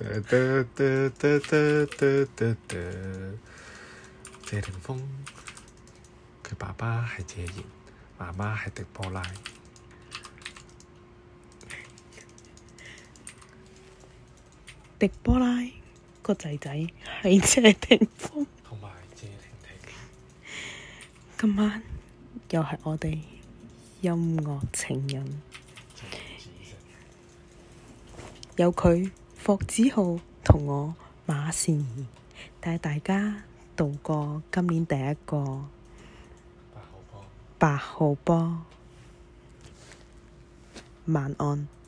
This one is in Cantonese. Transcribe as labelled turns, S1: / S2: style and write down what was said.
S1: 得 謝霆鋒，佢爸爸係謝賢，媽媽係狄波拉，
S2: 狄波拉個仔仔係謝霆鋒，
S3: 同埋謝霆霆。
S2: 今晚又係我哋音樂情人，有佢。郭子浩同我馬善儀帶大家度過今
S4: 年第一個八號波，八號波，晚安。